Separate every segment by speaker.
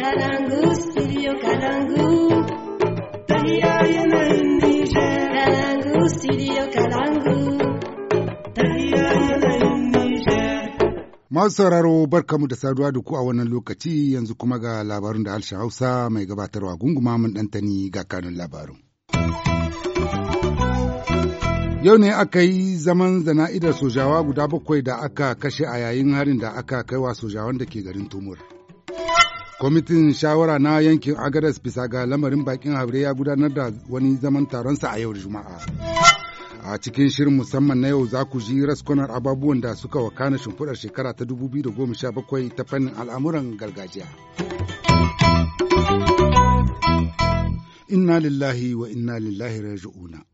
Speaker 1: Karangu studio Karangu studio
Speaker 2: Masu sauraro barkamu da saduwa da ku a wannan lokaci yanzu kuma ga labarin da harshen Hausa mai gabatarwa gunguma mun ɗantani ga kanun labarin. Yau ne aka yi zaman zana'idar sojawa guda bakwai da aka kashe a yayin harin da aka kaiwa sojawan da ke garin Tumur. kwamitin shawara na yankin agadas bisa ga lamarin bakin haure ya gudanar da wani zaman taronsa a yau juma'a a cikin shirin musamman na yau za ku ji raskunar ababuwan da suka wakana shimfiɗar shekara ta 2017 ta fannin al'amuran gargajiya inna lillahi wa inna lillahi raji'una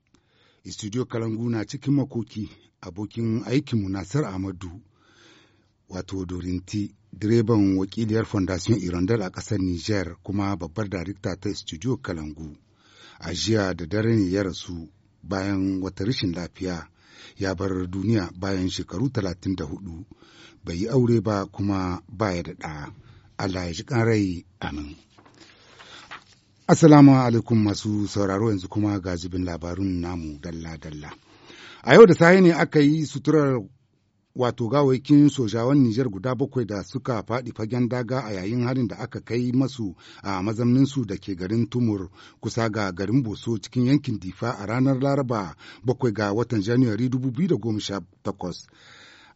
Speaker 2: studio kalangu na cikin makoki abokin aikinmu nasar amadu wato dorinti direban wakiliyar Fondation Irondel a ƙasar Niger kuma babbar darikta ta Studio Kalangu. A jiya da dare ne ya rasu bayan wata rashin lafiya ya bar duniya bayan shekaru 34 bai yi aure ba kuma baya da ɗa. Allah ya ji rai amin. Assalamu alaikum masu sauraro yanzu kuma ga labarun namu dalla-dalla. A yau da sahi ne aka yi suturar wato gawaikin sojawan Nijar guda bakwai da suka faɗi fagen daga a yayin harin da aka kai masu a mazamninsu da ke garin Tumur kusa ga garin Boso cikin yankin Difa a ranar Laraba bakwai ga watan Janairu 2018.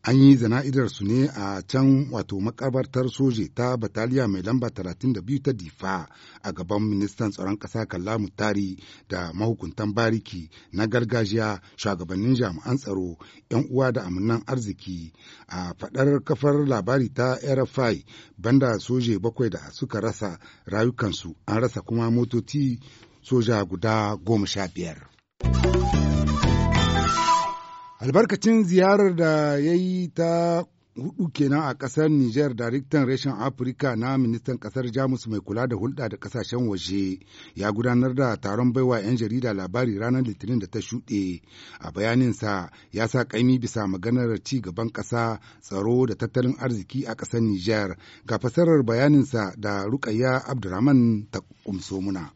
Speaker 2: an yi zana'idar su ne a can wato makabartar soje ta bataliya mai lamba 32 ta difa a gaban ministan tsaron ƙasa kalla mutari da mahukuntan bariki na gargajiya shugabannin jami'an tsaro 'yan uwa da amunan arziki a faɗar kafar labari ta rfi banda soje bakwai da suka rasa rayukansu an rasa kuma motoci soja guda goma sha biyar. albarkacin ziyarar da ya yi ta hudu kenan a ƙasar Nijar daraktan reshen Afirka na ministan ƙasar Jamus mai kula da hulɗa da ƙasashen waje ya gudanar da taron baiwa 'yan jarida labari ranar Litinin da ta shuɗe. A bayaninsa ya sa ƙa'imi bisa maganar ci gaban ƙasa tsaro da tattalin arziki a ƙasar Nijar ga fasarar bayaninsa da Rukayya Abdurrahman ta kumso muna.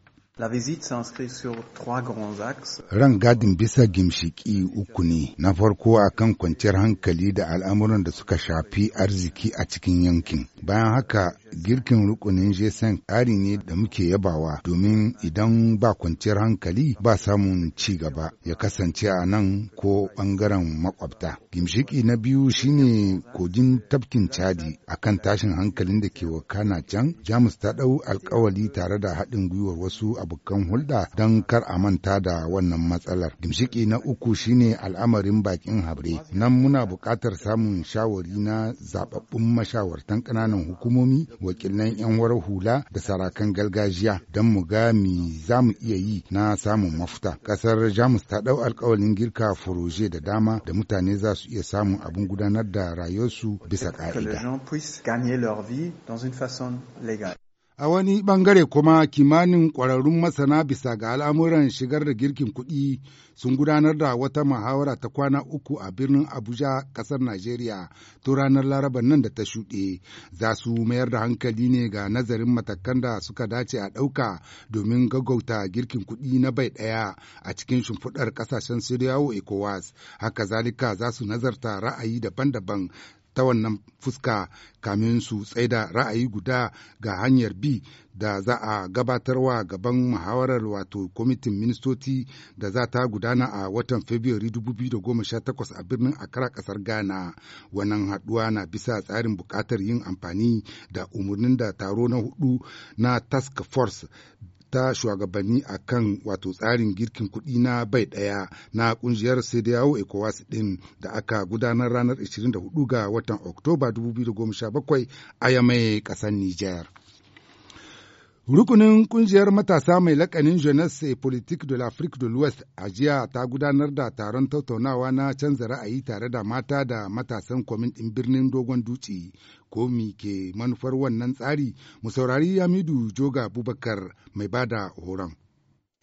Speaker 2: ran la gadin bisa gimshiki uku ne, na farko akan kan kwanciyar hankali da al'amuran da suka shafi arziki a cikin yankin. Bayan haka girkin rukunin jesen ƙari ne da muke yabawa domin idan ba kwanciyar hankali ba samun ci gaba ya kasance a nan ko bangaren makwabta. Gimshiki na biyu shine kogin tafkin Chadi akan tashin hankalin da ke wakana can, Jamus ta ɗau alkawali tare da haɗin gwiwar wasu abokan hulɗa don kar a manta da wannan matsalar. Gimshiki na uku shine al'amarin bakin habre. Nan muna buƙatar samun shawari na zaɓaɓɓun mashawartan ƙananan hukumomi, wakilan 'yan warar hula da sarakan gargajiya don mu ga mi za mu iya yi na samun mafuta. Ƙasar Jamus ta ɗau alƙawalin girka furoje da dama da mutane za su iya samun abin gudanar da rayuwarsu bisa ƙa'ida. A wani ɓangare kuma kimanin ƙwararrun masana bisa ga al'amuran shigar da girkin kuɗi sun gudanar da wata muhawara ta kwana uku a birnin Abuja, ƙasar Najeriya, to ranar Laraba nan da ta shuɗe. Za su mayar da hankali ne ga nazarin matakan da suka dace a ɗauka domin gaggauta girkin kuɗi na bai ɗaya a cikin shimfiɗar ƙasashen Siriyawo ECOWAS. Haka zalika za su nazarta ra'ayi daban-daban ta wannan fuska kamin su tsaida ra'ayi guda ga hanyar bi da za a gabatarwa gaban muhawarar wato kwamitin ministoci da za ta gudana a watan Fabrairu 2018 a birnin akara kasar Ghana. Wannan haduwa na bisa tsarin bukatar yin amfani da umarnin da taro na hudu na task force ta shugabanni a kan wato tsarin girkin kuɗi na bai ɗaya na ƙungiyar CDAO ECOWAS ɗin da aka gudanar ranar 24 ga watan Oktoba 2017 a yamai ƙasar niger Rukunin kungiyar matasa mai lakanin Jeunesse et Politique de l'Afrique de l'Ouest a jiya ta gudanar da taron tattaunawa na canza ra'ayi tare da mata da matasan kwamin ɗin birnin Dogon Dutse. Ko mi ke manufar wannan tsari? Mu saurari Yamidu Joga Abubakar mai bada horon.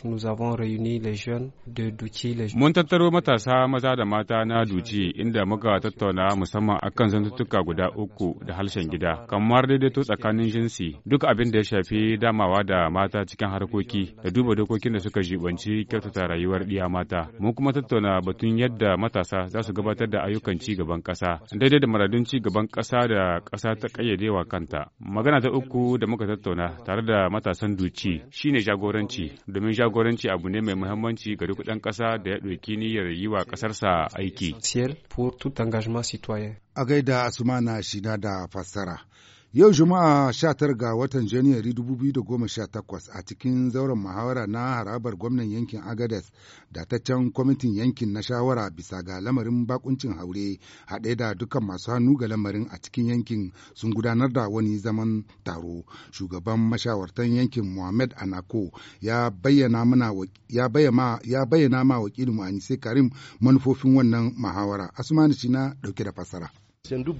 Speaker 2: Nous avons réuni les jeunes de Duchi.
Speaker 3: Mun tattaro matasa maza da mata na Duchi inda muka tattauna musamman akan zantuttuka guda uku da harshen gida, kamar daidaito tsakanin jinsi, duk abin da ya shafi damawa da mata cikin harkoki da duba dokokin da suka jibanci kyautata rayuwar ɗiya mata. Mun kuma tattauna batun yadda matasa za su gabatar da ayyukan ci gaban ƙasa, daidai da maradun ci gaban ƙasa da ƙasa ta ƙayyadewa kanta. Magana ta uku da muka tattauna tare da matasan Duchi shine jagoranci, domin jagoranci jagoranci abu ne mai muhimmanci ga duk ɗan ƙasa da ya ɗauki niyyar yi wa ƙasarsa aiki.
Speaker 2: A gaida Asumana shida da fassara. Yau Juma'a 19 ga watan Janairu 2018 a cikin zauren muhawara na harabar gwamnan yankin Agades dataccen kwamitin yankin na shawara bisa ga lamarin bakuncin haure haɗe da dukkan masu hannu ga lamarin a cikin yankin sun gudanar da wani zaman taro. Shugaban mashawartan yankin Muhammad Anako ya bayyana ma wakilin ma wakilin Anise Karim manufofin wannan muhawara. Asmani na ɗauke da fasara.
Speaker 4: Euh, Guri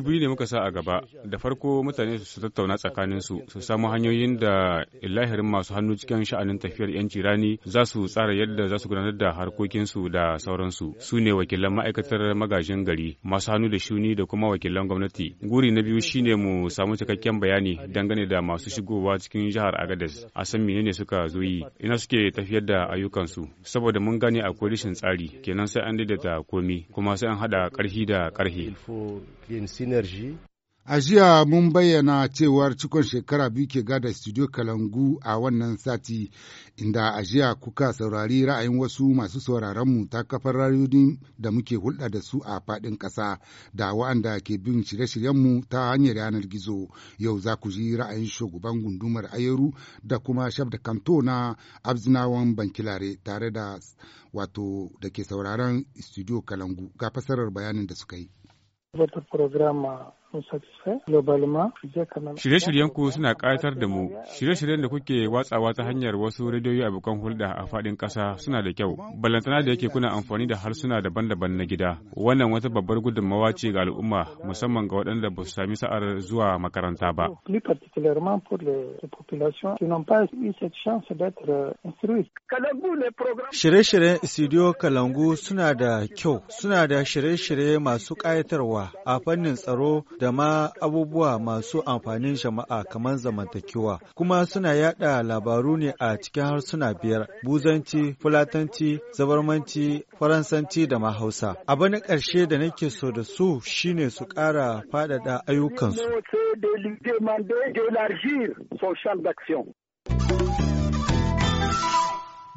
Speaker 3: biyu ne muka sa a gaba, da farko mutane su tattauna tsakanin su su samu hanyoyin da lahirin masu hannu cikin sha'anin tafiyar 'yanci rani za su tsara yadda za su gudanar da harkokinsu da sauransu. Su ne wakilan ma'aikatar magajin gari, masu hannu da shuni da kuma wakilan gwamnati. Guri na biyu shine mu samu cikakken bayani dangane da masu shigowa cikin jihar Agadez, a san menene suka zo yi, ina suke tafiyar da ayyukansu, saboda mun gane akwai rashin tsari, kenan sai an daidaita komi, kuma kuma sai an karhi da karhi.
Speaker 2: A jiya mun bayyana cewar cikon shekara biyu ke gada studio Kalangu a wannan sati, inda a jiya kuka saurari ra'ayin wasu masu sauraronmu ta kafar rayuwa da muke hulɗa da su a faɗin ƙasa da wa'anda ke bin shirye-shiryenmu ta hanyar yanar gizo. Yau za ku ji ra'ayin shugaban gundumar Ayeru da kuma shaf da kanto na Abzinawan Bankilare tare da wato da ke sauraron studio Kalangu ga fasarar bayanin da suka yi.
Speaker 4: Shirye-shiryen
Speaker 3: ku suna kayatar da mu. Shirye-shiryen da kuke watsawa ta hanyar wasu rediyoyi abokan hulɗa a faɗin ƙasa suna da kyau. Balantana da yake kuna amfani da harsuna daban-daban na gida. Wannan wata babbar gudunmawa ce ga al'umma musamman ga waɗanda ba su sami sa'ar zuwa makaranta ba. Shirye-shiryen Studio Kalangu
Speaker 1: suna da kyau, suna da shirye-shirye masu kayatarwa a fannin tsaro da ma abubuwa masu amfanin jama'a kamar zamantakewa kuma suna yada labaru ne a cikin harsuna biyar buzanci fulatanci zabarmanci faransanci da ma hausa abu na ƙarshe da nake so da su shine su ƙara faɗaɗa ayyukansu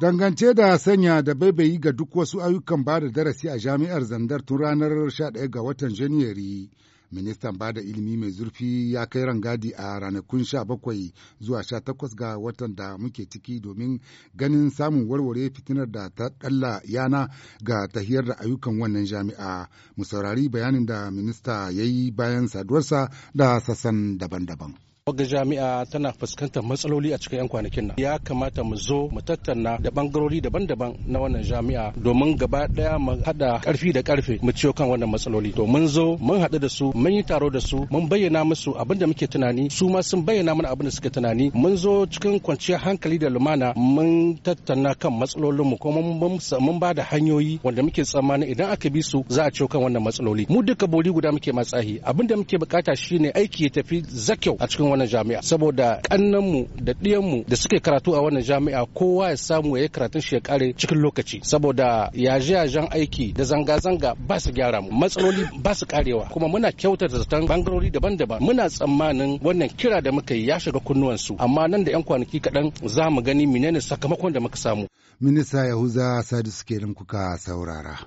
Speaker 2: Dangance da sanya da baibayi ga duk wasu ayyukan ba da darasi a jami'ar zandar tun ranar 11 ga watan Janairu, ministan ba da ilimi mai zurfi ya kai rangadi a ranakun sha bakwai zuwa sha takwas ga watan da muke ciki domin ganin samun warware fitinar da ta ɗalla yana ga tahiyar da ayyukan wannan jami'a mu saurari bayanin da minista ya yi bayan
Speaker 4: saduwarsa
Speaker 2: da sassan daban-daban.
Speaker 4: Wagga jami'a tana fuskantar matsaloli a cikin 'yan kwanakin nan. Ya kamata mu zo mu tattauna da bangarori daban-daban na wannan jami'a domin gaba daya mu hada karfi da karfe mu ciyo kan wannan matsaloli. To mun zo mun hada da su mun yi taro da su mun bayyana musu abin da muke tunani su ma sun bayyana mana abin da suke tunani mun zo cikin kwanciyar hankali da lumana mun tattauna kan matsalolin matsalolinmu kuma mun ba da hanyoyi wanda muke tsammanin idan aka bi su za a ciyo kan wannan matsaloli. Mu duka bori guda muke matsahi abin da muke bukata shine aiki ya tafi zakyau a cikin wannan jami'a saboda kannanmu da ɗiyanmu da suke karatu a wannan jami'a kowa ya samu ya yi karatun shi ya kare cikin lokaci saboda yaje-yajen aiki da zanga-zanga ba su gyara mu matsaloli ba su karewa kuma muna kyautata zaton bangarori daban-daban muna tsammanin wannan kira da muka yi ya shiga kunnuwansu amma nan da 'yan kwanaki kaɗan za mu gani menene sakamakon da muka samu.
Speaker 2: Minista Yahuza Sadisu kenan kuka saurara.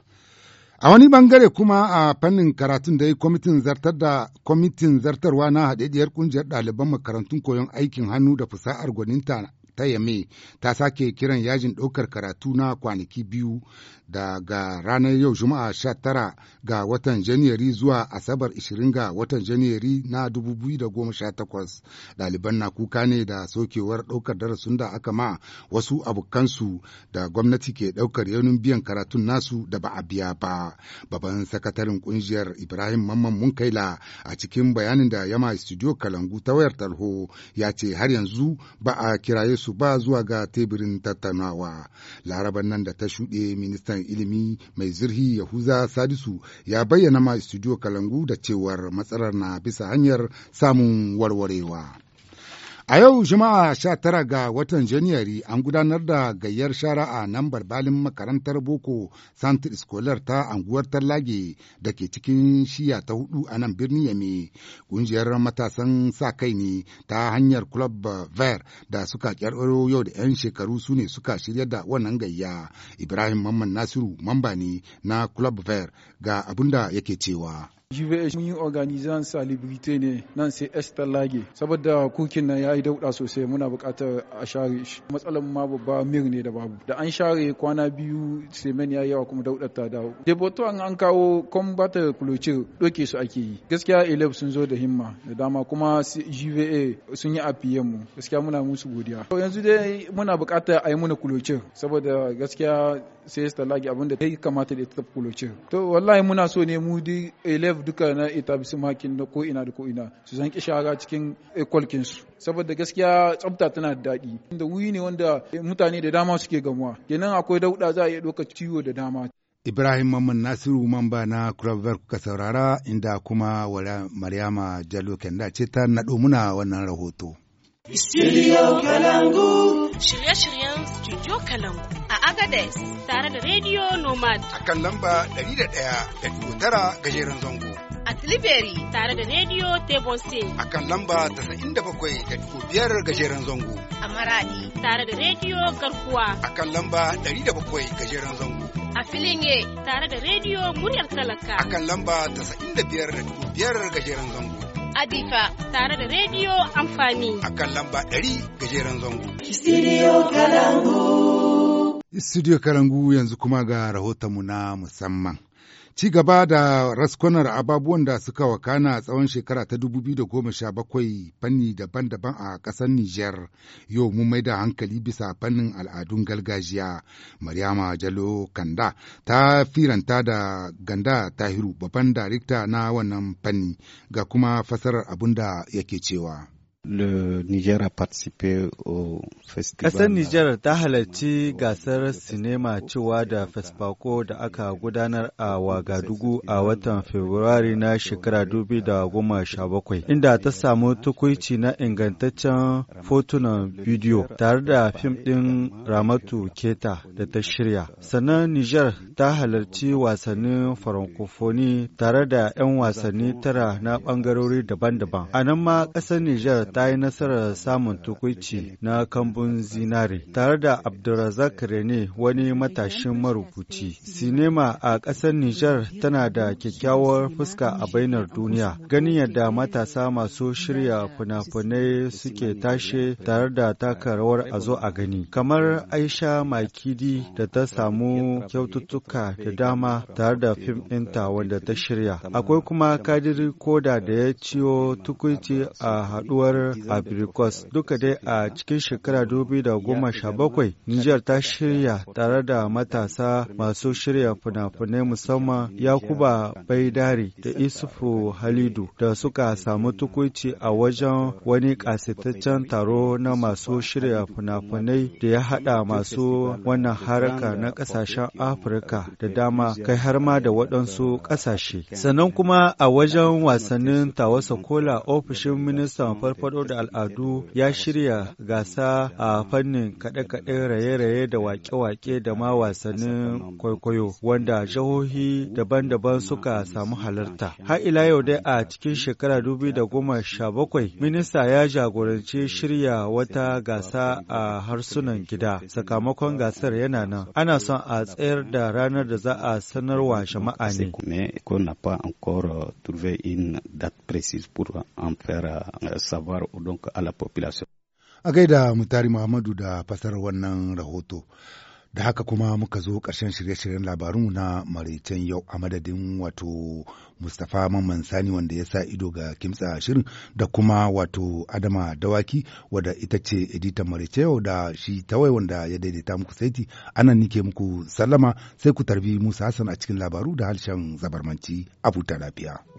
Speaker 2: A wani bangare kuma a fannin karatun da ya kwamitin zartar da kwamitin zartarwa na haɗaɗɗiyar ƙungiyar ɗaliban makarantun koyon aikin hannu da fasahar gwaninta ta Yame ta sake kiran yajin ɗaukar karatu na kwanaki biyu daga ranar yau Juma'a 19 ga watan Janairu zuwa Asabar 20 ga watan Janairu na 2018. Ɗaliban na kuka ne da sokewar ɗaukar darasin da aka ma wasu abokansu da gwamnati ke ɗaukar yaunin biyan karatun nasu da ba a biya ba. Baban sakataren ƙungiyar Ibrahim Mamman Munkaila a cikin bayanin da yama studio Kalangu ta wayar talho ya ce har yanzu ba a kiraye su su ba zuwa ga teburin tattaunawa. Laraban nan da ta shuɗe ministan ilimi mai zirhi Yahuza Sadisu ya bayyana ma studio Kalangu da cewar matsalar na bisa hanyar samun warwarewa. A yau Juma'a sha tara ga watan Janairu an gudanar da gayyar shara'a nan balin makarantar Boko Santir Scholar ta anguwar Tallage da ke cikin shiya ta hudu a nan birnin Yame. Kungiyar matasan sa kai ne ta hanyar Club Ver da suka kyarɓaro yau da 'yan shekaru su ne suka shirya da wannan gayya. Ibrahim Mamman Nasiru mamba ne na Club Ver ga abin da yake cewa. GVH mun yi organizan salibrite ne nan sai Esther Lage saboda kukin nan yayi dauda sosai muna bukatar a share shi matsalar ma babba mir ne da babu da an share kwana biyu semen yayi yawa kuma daudar ta dawo boto an an kawo combater kulocir doke su ake yi gaskiya elef sun zo da himma da dama kuma GVA sun yi afiyan mu gaskiya muna musu godiya to yanzu dai muna bukatar a yi mana kulocir saboda gaskiya sai Esther Lage abinda ta kamata da ita kulocir to wallahi muna so ne mu di elef duka na ita hakin makin na ko'ina da ko'ina su san ki shara cikin kwalkinsu saboda gaskiya tsafta tana da daɗi inda wuri ne wanda mutane da dama suke gamuwa kenan akwai dauɗa za a iya ɗauka ciwo da dama Ibrahim Mamman Nasiru Mamba na Kurabar kuka saurara inda kuma wala Maryama Jalo Kenda ce ta naɗo muna wannan rahoto.
Speaker 3: Studio Kalangu
Speaker 2: Shirye-shiryen Studio Kalangu Agades tare da Radio Nomad. A kan lamba 101.9 gajeren zango. A Tilibiri tare da Radio Tebonse. A kan lamba 97.5 gajeren zango. A Maradi
Speaker 4: tare da Radio Garkuwa.
Speaker 2: A kan lamba 107 gajeren zango.
Speaker 4: A Filinge tare da Radio Muryar Talaka. A kan
Speaker 2: lamba 95.5 gajeren zango. Adifa tare da rediyo amfani. A kan lamba 100 gajeren zango. Studio Kalangu. Studio Karangu yanzu kuma ga rahotonmu na musamman. Ci gaba da raskonar ababuwan da suka wakana a tsawon shekara ta 2017 fanni daban-daban a ƙasar Nijar, yau mun mai da hankali bisa fannin al'adun gargajiya. Maryama Jalo Kanda ta firanta da Ganda Tahiru, babban darikta na wannan fanni, ga kuma fasarar abin da yake cewa.
Speaker 1: Le Niger a participé au festival. Kasar Niger ta halarci gasar sinema cewa da Fespaco da aka gudanar a Wagadugu a watan Fabrairu na shekara sha bakwai inda ta samu tukuici na ingantaccen fotunan bidiyo tare da fim ɗin Ramatu Keta da ta shirya. Sannan Niger ta halarci wasannin Farankofoni tare da 'yan wasanni tara na ɓangarori daban-daban. A nan ma ƙasar Niger ta ta yi nasarar samun tukuici na kambun zinare tare da Abdulrazak Rene wani matashin marubuci. Sinema a ƙasar Nijar tana da kyakkyawar fuska a bainar duniya. Ganin yadda matasa masu shirya fina-finai suke tashe tare da taka rawar a zo a gani. Kamar Aisha Makidi da ta samu kyaututtuka da dama tare da fim ɗinta wanda ta shirya. Akwai kuma Kadiri Koda da ya ciwo tukuici a haɗuwar Ivory Abrikos. Duka dai a cikin shekara sha bakwai Nijar ta shirya tare da matasa masu shirya fina-finai musamman Yakuba Baidari da Isufu Halidu da suka samu tukunci a wajen wani kasitaccen taro na masu shirya fina-finai da ya haɗa masu wannan haraka na ƙasashen Afirka da dama kai har ma da waɗansu ƙasashe. Sannan kuma a wajen wasannin Tawasa Kola ofishin ministan farfar faɗo da al'adu ya shirya gasa a fannin kaɗe-kaɗe raye-raye da waƙe-waƙe da ma wasannin kwaikwayo wanda jihohi daban-daban suka samu halarta. Har ila yau dai a cikin shekara sha bakwai, minista ya jagoranci shirya wata gasa a harsunan gida. Sakamakon gasar yana nan. Ana son a tsayar da ranar da za a sanarwa jama'a ne. qu'on n'a pas encore trouvé une date précise pour
Speaker 4: en faire euh, savoir kamar donc ala population.
Speaker 2: A gaida Mutari Muhammadu da fasar wannan rahoto. Da haka kuma muka zo ƙarshen shirye-shiryen labarun na maraicen yau a madadin wato Mustapha Mamman Sani wanda ya sa ido ga kimtsa shirin da kuma wato Adama Dawaki wadda ita ce editan maraice yau da shi tawai wanda ya daidaita muku saiti anan nike muku sallama sai ku tarbi Musa Hassan a cikin labaru da harshen zabarmanci a lafiya.